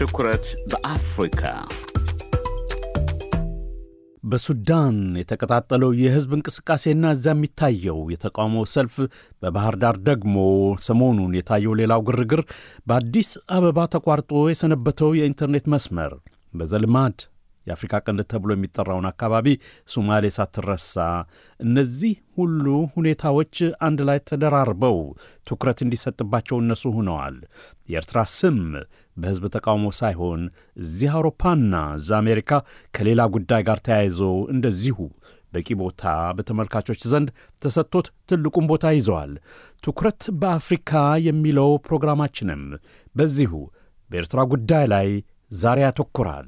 ትኩረት በአፍሪካ በሱዳን የተቀጣጠለው የሕዝብ እንቅስቃሴና እዚያ የሚታየው የተቃውሞ ሰልፍ በባህር ዳር ደግሞ ሰሞኑን የታየው ሌላው ግርግር በአዲስ አበባ ተቋርጦ የሰነበተው የኢንተርኔት መስመር በዘልማድ የአፍሪካ ቀንድ ተብሎ የሚጠራውን አካባቢ ሶማሌ ሳትረሳ፣ እነዚህ ሁሉ ሁኔታዎች አንድ ላይ ተደራርበው ትኩረት እንዲሰጥባቸው እነሱ ሆነዋል። የኤርትራ ስም በሕዝብ ተቃውሞ ሳይሆን እዚህ አውሮፓና እዛ አሜሪካ ከሌላ ጉዳይ ጋር ተያይዞ እንደዚሁ በቂ ቦታ በተመልካቾች ዘንድ ተሰጥቶት ትልቁን ቦታ ይዘዋል። ትኩረት በአፍሪካ የሚለው ፕሮግራማችንም በዚሁ በኤርትራ ጉዳይ ላይ ዛሬ ያተኩራል።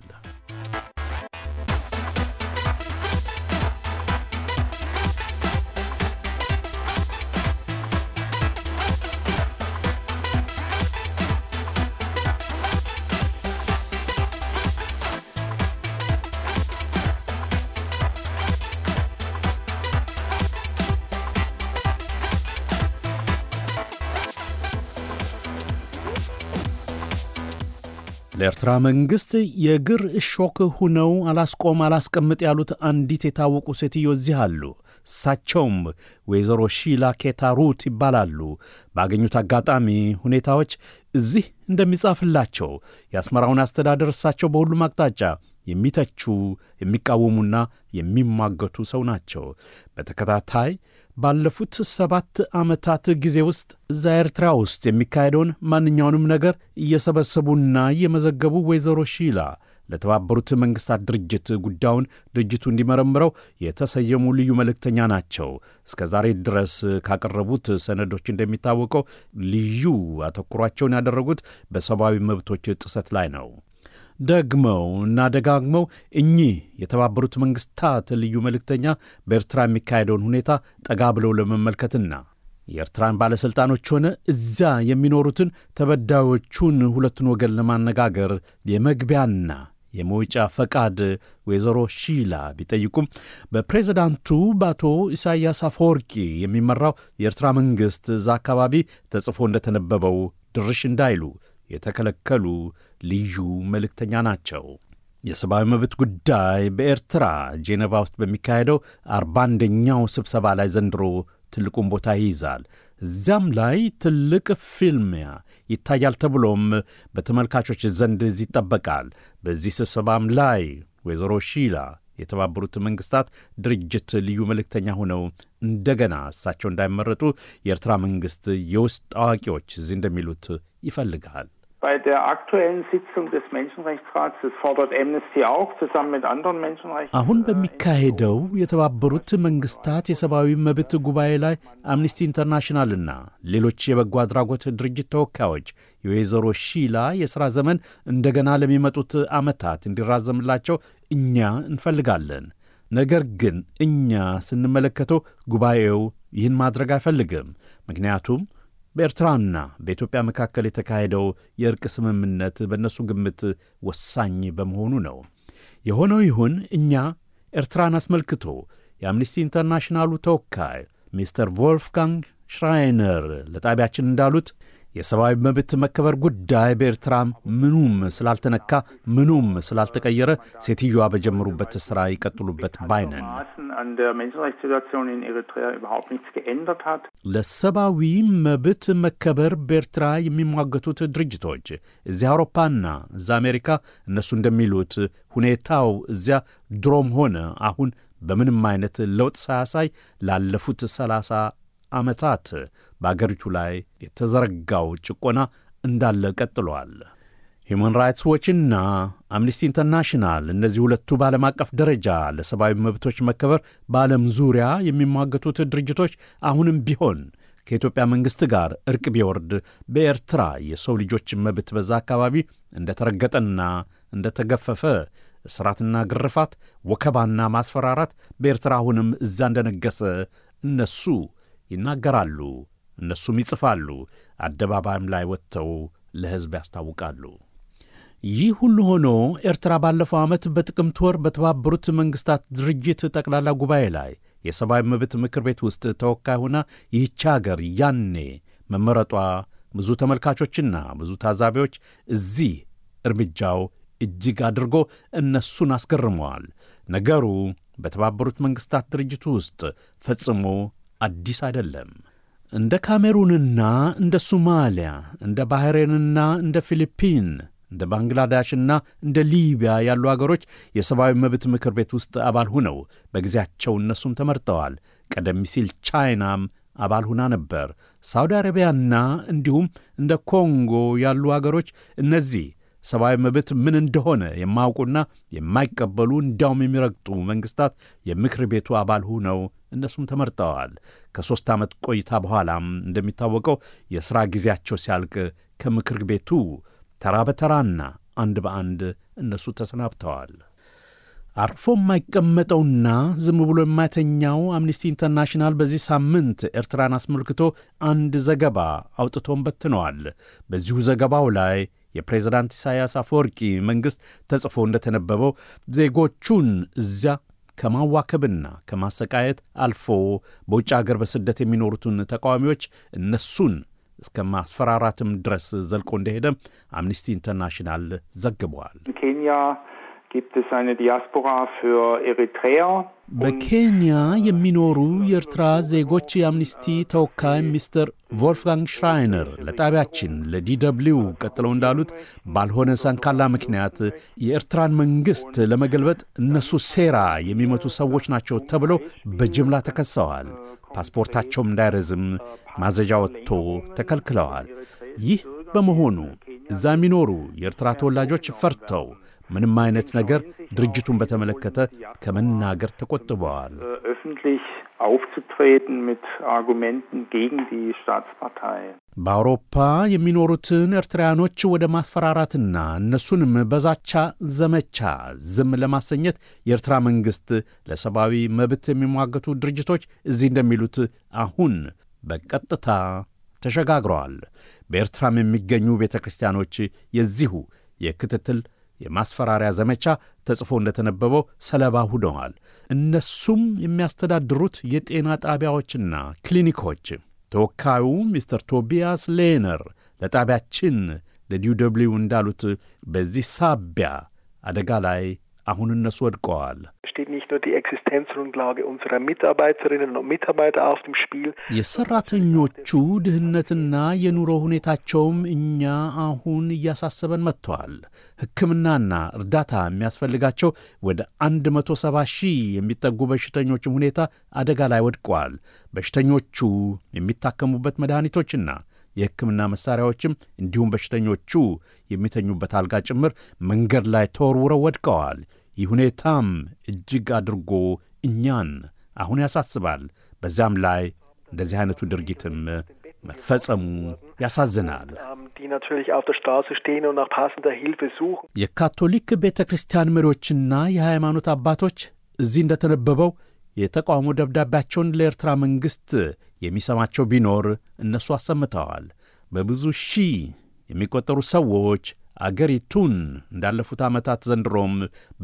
ለኤርትራ መንግስት የግር እሾክ ሁነው አላስቆም አላስቀምጥ ያሉት አንዲት የታወቁ ሴትዮ እዚህ አሉ። እሳቸውም ወይዘሮ ሺላ ኬታሩት ይባላሉ። ባገኙት አጋጣሚ ሁኔታዎች እዚህ እንደሚጻፍላቸው የአስመራውን አስተዳደር እሳቸው በሁሉም አቅጣጫ የሚተቹ የሚቃወሙና የሚሟገቱ ሰው ናቸው። በተከታታይ ባለፉት ሰባት ዓመታት ጊዜ ውስጥ እዛ ኤርትራ ውስጥ የሚካሄደውን ማንኛውንም ነገር እየሰበሰቡና እየመዘገቡ ወይዘሮ ሺላ ለተባበሩት መንግሥታት ድርጅት ጉዳዩን ድርጅቱ እንዲመረምረው የተሰየሙ ልዩ መልእክተኛ ናቸው። እስከ ዛሬ ድረስ ካቀረቡት ሰነዶች እንደሚታወቀው ልዩ አተኩሯቸውን ያደረጉት በሰብአዊ መብቶች ጥሰት ላይ ነው። ደግመው እና ደጋግመው እኚህ የተባበሩት መንግስታት ልዩ መልእክተኛ በኤርትራ የሚካሄደውን ሁኔታ ጠጋ ብለው ለመመልከትና የኤርትራን ባለሥልጣኖች ሆነ እዛ የሚኖሩትን ተበዳዮቹን ሁለቱን ወገን ለማነጋገር የመግቢያና የመውጫ ፈቃድ ወይዘሮ ሺላ ቢጠይቁም በፕሬዝዳንቱ በአቶ ኢሳያስ አፈወርቂ የሚመራው የኤርትራ መንግሥት እዛ አካባቢ ተጽፎ እንደተነበበው ድርሽ እንዳይሉ የተከለከሉ ልዩ መልእክተኛ ናቸው። የሰብአዊ መብት ጉዳይ በኤርትራ ጄኔቫ ውስጥ በሚካሄደው አርባ አንደኛው ስብሰባ ላይ ዘንድሮ ትልቁን ቦታ ይይዛል። እዚያም ላይ ትልቅ ፊልሚያ ይታያል ተብሎም በተመልካቾች ዘንድ ይጠበቃል። በዚህ ስብሰባም ላይ ወይዘሮ ሺላ የተባበሩት መንግስታት ድርጅት ልዩ መልእክተኛ ሆነው እንደገና እሳቸው እንዳይመረጡ የኤርትራ መንግሥት የውስጥ አዋቂዎች እዚህ እንደሚሉት ይፈልጋል። Bei der aktuellen Sitzung des Menschenrechtsrats, das fordert Amnesty auch zusammen mit anderen Menschenrechten. አሁን äh, በሚካሄደው የተባበሩት መንግስታት የሰብአዊ መብት ጉባኤ ላይ አምኒስቲ እና ሌሎች የበጎ አድራጎት ድርጅት ተወካዮች የወይዘሮ ሺላ የሥራ ዘመን እንደገና ለሚመጡት ዓመታት እንዲራዘምላቸው እኛ እንፈልጋለን። ነገር ግን እኛ ስንመለከተው ጉባኤው ይህን ማድረግ አይፈልግም። ምክንያቱም በኤርትራና በኢትዮጵያ መካከል የተካሄደው የእርቅ ስምምነት በእነሱ ግምት ወሳኝ በመሆኑ ነው። የሆነው ይሁን እኛ ኤርትራን አስመልክቶ የአምኒስቲ ኢንተርናሽናሉ ተወካይ ሚስተር ቮልፍጋንግ ሽራይነር ለጣቢያችን እንዳሉት የሰብአዊ መብት መከበር ጉዳይ በኤርትራ ምኑም ስላልተነካ ምኑም ስላልተቀየረ ሴትዮዋ በጀመሩበት ስራ ይቀጥሉበት ባይነን። ለሰብአዊ መብት መከበር በኤርትራ የሚሟገቱት ድርጅቶች እዚያ አውሮፓና እዛ አሜሪካ እነሱ እንደሚሉት ሁኔታው እዚያ ድሮም ሆነ አሁን በምንም አይነት ለውጥ ሳያሳይ ላለፉት ሰላሳ ዓመታት በአገሪቱ ላይ የተዘረጋው ጭቆና እንዳለ ቀጥሏል። ሂውማን ራይትስ ዎችና አምኒስቲ ኢንተርናሽናል እነዚህ ሁለቱ በዓለም አቀፍ ደረጃ ለሰብአዊ መብቶች መከበር በዓለም ዙሪያ የሚሟገቱት ድርጅቶች አሁንም ቢሆን ከኢትዮጵያ መንግሥት ጋር እርቅ ቢወርድ በኤርትራ የሰው ልጆች መብት በዛ አካባቢ እንደተረገጠና እንደተገፈፈ እስራትና ግርፋት፣ ወከባና ማስፈራራት በኤርትራ አሁንም እዛ እንደነገሰ እነሱ ይናገራሉ፣ እነሱም ይጽፋሉ፣ አደባባይም ላይ ወጥተው ለሕዝብ ያስታውቃሉ። ይህ ሁሉ ሆኖ ኤርትራ ባለፈው ዓመት በጥቅምት ወር በተባበሩት መንግሥታት ድርጅት ጠቅላላ ጉባኤ ላይ የሰብአዊ መብት ምክር ቤት ውስጥ ተወካይ ሆና ይህች አገር ያኔ መመረጧ ብዙ ተመልካቾችና ብዙ ታዛቢዎች እዚህ እርምጃው እጅግ አድርጎ እነሱን አስገርመዋል። ነገሩ በተባበሩት መንግሥታት ድርጅት ውስጥ ፈጽሞ አዲስ አይደለም። እንደ ካሜሩንና እንደ ሶማሊያ፣ እንደ ባህሬንና እንደ ፊሊፒን፣ እንደ ባንግላዴሽና እንደ ሊቢያ ያሉ አገሮች የሰብአዊ መብት ምክር ቤት ውስጥ አባል ሁነው በጊዜያቸው እነሱም ተመርጠዋል። ቀደም ሲል ቻይናም አባል ሁና ነበር። ሳውዲ አረቢያና እንዲሁም እንደ ኮንጎ ያሉ አገሮች እነዚህ ሰብአዊ መብት ምን እንደሆነ የማያውቁና የማይቀበሉ እንዲያውም የሚረግጡ መንግሥታት የምክር ቤቱ አባል ሆነው እነሱም ተመርጠዋል። ከሦስት ዓመት ቆይታ በኋላም እንደሚታወቀው የሥራ ጊዜያቸው ሲያልቅ ከምክር ቤቱ ተራ በተራና አንድ በአንድ እነሱ ተሰናብተዋል። አርፎ የማይቀመጠውና ዝም ብሎ የማይተኛው አምኒስቲ ኢንተርናሽናል በዚህ ሳምንት ኤርትራን አስመልክቶ አንድ ዘገባ አውጥቶን በትነዋል። በዚሁ ዘገባው ላይ የፕሬዝዳንት ኢሳያስ አፈወርቂ መንግሥት ተጽፎ እንደተነበበው ዜጎቹን እዚያ ከማዋከብና ከማሰቃየት አልፎ በውጭ አገር በስደት የሚኖሩትን ተቃዋሚዎች እነሱን እስከ ማስፈራራትም ድረስ ዘልቆ እንደሄደም አምኒስቲ ኢንተርናሽናል ዘግቧል። ኬንያ gibt es eine Diaspora für Eritreer. በኬንያ የሚኖሩ የኤርትራ ዜጎች የአምኒስቲ ተወካይ ሚስተር ቮልፍጋንግ ሽራይነር ለጣቢያችን ለዲደብሊው ቀጥለው እንዳሉት ባልሆነ ሰንካላ ምክንያት የኤርትራን መንግሥት ለመገልበጥ እነሱ ሴራ የሚመቱ ሰዎች ናቸው ተብለው በጅምላ ተከሰዋል። ፓስፖርታቸውም እንዳይረዝም ማዘዣ ወጥቶ ተከልክለዋል። ይህ በመሆኑ እዛ የሚኖሩ የኤርትራ ተወላጆች ፈርተው ምንም አይነት ነገር ድርጅቱን በተመለከተ ከመናገር ተቆጥበዋል። በአውሮፓ የሚኖሩትን ኤርትራውያኖች ወደ ማስፈራራትና እነሱንም በዛቻ ዘመቻ ዝም ለማሰኘት የኤርትራ መንግሥት ለሰብአዊ መብት የሚሟገቱ ድርጅቶች እዚህ እንደሚሉት አሁን በቀጥታ ተሸጋግረዋል። በኤርትራም የሚገኙ ቤተ ክርስቲያኖች የዚሁ የክትትል የማስፈራሪያ ዘመቻ ተጽፎ እንደተነበበው ሰለባ ሁነዋል። እነሱም የሚያስተዳድሩት የጤና ጣቢያዎችና ክሊኒኮች። ተወካዩ ሚስተር ቶቢያስ ሌነር ለጣቢያችን ለዲው ደብልዩ እንዳሉት በዚህ ሳቢያ አደጋ ላይ አሁን እነሱ ወድቀዋል። የሰራተኞቹ ድህነትና የኑሮ ሁኔታቸውም እኛ አሁን እያሳሰበን መጥተዋል። ሕክምናና እርዳታ የሚያስፈልጋቸው ወደ 170 ሺህ የሚጠጉ በሽተኞችም ሁኔታ አደጋ ላይ ወድቀዋል። በሽተኞቹ የሚታከሙበት መድኃኒቶችና የሕክምና መሣሪያዎችም እንዲሁም በሽተኞቹ የሚተኙበት አልጋ ጭምር መንገድ ላይ ተወርውረው ወድቀዋል። ይህ ሁኔታም እጅግ አድርጎ እኛን አሁን ያሳስባል። በዚያም ላይ እንደዚህ አይነቱ ድርጊትም መፈጸሙ ያሳዝናል። የካቶሊክ ቤተ ክርስቲያን መሪዎችና የሃይማኖት አባቶች እዚህ እንደተነበበው የተቃውሞ ደብዳቤያቸውን ለኤርትራ መንግሥት የሚሰማቸው ቢኖር እነሱ አሰምተዋል። በብዙ ሺህ የሚቆጠሩ ሰዎች አገሪቱን እንዳለፉት ዓመታት ዘንድሮም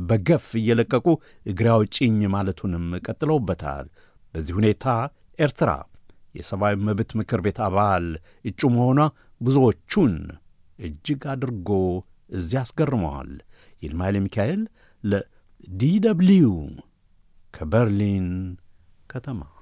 በገፍ እየለቀቁ እግሬ አውጪኝ ማለቱንም ቀጥለውበታል። በዚህ ሁኔታ ኤርትራ የሰብአዊ መብት ምክር ቤት አባል እጩ መሆኗ ብዙዎቹን እጅግ አድርጎ እዚያ አስገርመዋል። ይልማይል ሚካኤል ለዲ ደብልዩ ከበርሊን ከተማ